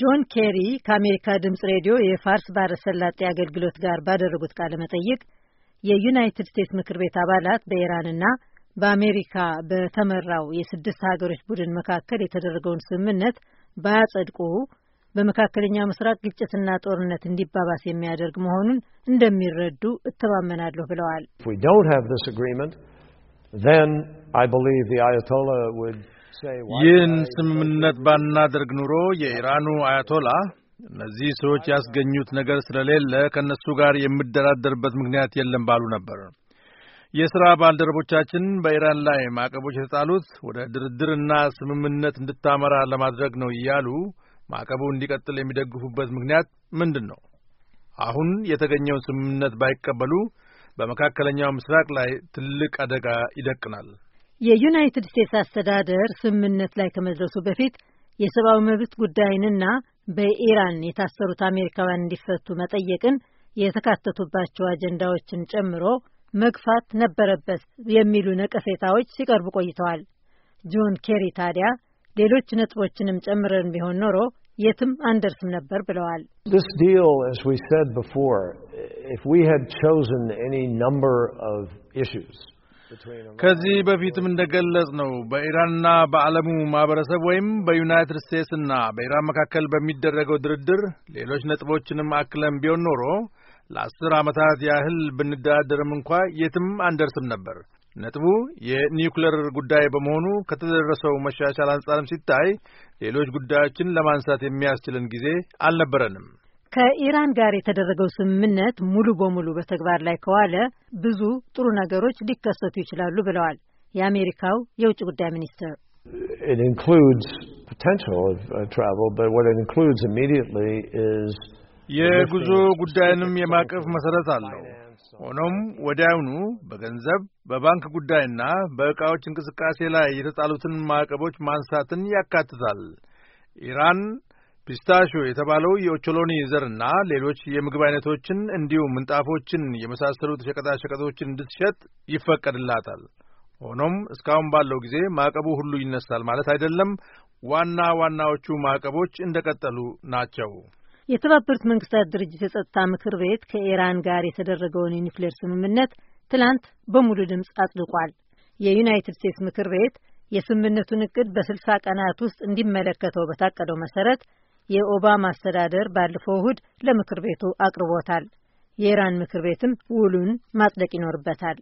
ጆን ኬሪ ከአሜሪካ ድምፅ ሬዲዮ የፋርስ ባሕረ ሰላጤ አገልግሎት ጋር ባደረጉት ቃለ መጠይቅ የዩናይትድ ስቴትስ ምክር ቤት አባላት በኢራንና በአሜሪካ በተመራው የስድስት ሀገሮች ቡድን መካከል የተደረገውን ስምምነት ባያጸድቁ በመካከለኛው ምስራቅ ግጭትና ጦርነት እንዲባባስ የሚያደርግ መሆኑን እንደሚረዱ እተማመናለሁ ብለዋል። ይህን ስምምነት ባናደርግ ኑሮ የኢራኑ አያቶላ እነዚህ ሰዎች ያስገኙት ነገር ስለሌለ ከእነሱ ጋር የምደራደርበት ምክንያት የለም ባሉ ነበር። የሥራ ባልደረቦቻችን በኢራን ላይ ማዕቀቦች የተጣሉት ወደ ድርድርና ስምምነት እንድታመራ ለማድረግ ነው እያሉ ማዕቀቡ እንዲቀጥል የሚደግፉበት ምክንያት ምንድን ነው? አሁን የተገኘውን ስምምነት ባይቀበሉ በመካከለኛው ምስራቅ ላይ ትልቅ አደጋ ይደቅናል። የዩናይትድ ስቴትስ አስተዳደር ስምምነት ላይ ከመድረሱ በፊት የሰብአዊ መብት ጉዳይንና በኢራን የታሰሩት አሜሪካውያን እንዲፈቱ መጠየቅን የተካተቱባቸው አጀንዳዎችን ጨምሮ መግፋት ነበረበት የሚሉ ነቀፌታዎች ሲቀርቡ ቆይተዋል። ጆን ኬሪ ታዲያ ሌሎች ነጥቦችንም ጨምረን ቢሆን ኖሮ የትም አንደርስም ነበር ብለዋል። ከዚህ በፊትም እንደገለጽ ነው በኢራንና በዓለሙ ማህበረሰብ ወይም በዩናይትድ ስቴትስና በኢራን መካከል በሚደረገው ድርድር ሌሎች ነጥቦችንም አክለም ቢሆን ኖሮ ለአስር ዓመታት ያህል ብንደራደርም እንኳ የትም አንደርስም ነበር። ነጥቡ የኒውክለር ጉዳይ በመሆኑ ከተደረሰው መሻሻል አንጻርም ሲታይ ሌሎች ጉዳዮችን ለማንሳት የሚያስችልን ጊዜ አልነበረንም። ከኢራን ጋር የተደረገው ስምምነት ሙሉ በሙሉ በተግባር ላይ ከዋለ ብዙ ጥሩ ነገሮች ሊከሰቱ ይችላሉ ብለዋል የአሜሪካው የውጭ ጉዳይ ሚኒስትር። uh, የጉዞ ጉዳይንም የማቀፍ መሰረት አለው። ሆኖም ወዲያውኑ በገንዘብ በባንክ ጉዳይና በእቃዎች እንቅስቃሴ ላይ የተጣሉትን ማዕቀቦች ማንሳትን ያካትታል። ኢራን ፒስታሽዮ የተባለው የኦቾሎኒ ዘርና ሌሎች የምግብ አይነቶችን እንዲሁም ምንጣፎችን የመሳሰሉት ሸቀጣሸቀጦችን እንድትሸጥ ይፈቀድላታል። ሆኖም እስካሁን ባለው ጊዜ ማዕቀቡ ሁሉ ይነሳል ማለት አይደለም። ዋና ዋናዎቹ ማዕቀቦች እንደቀጠሉ ናቸው። የተባበሩት መንግስታት ድርጅት የጸጥታ ምክር ቤት ከኢራን ጋር የተደረገውን የኒውክሌር ስምምነት ትላንት በሙሉ ድምፅ አጽድቋል። የዩናይትድ ስቴትስ ምክር ቤት የስምምነቱን እቅድ በስልሳ ቀናት ውስጥ እንዲመለከተው በታቀደው መሰረት የኦባማ አስተዳደር ባለፈው እሁድ ለምክር ቤቱ አቅርቦታል። የኢራን ምክር ቤትም ውሉን ማጽደቅ ይኖርበታል።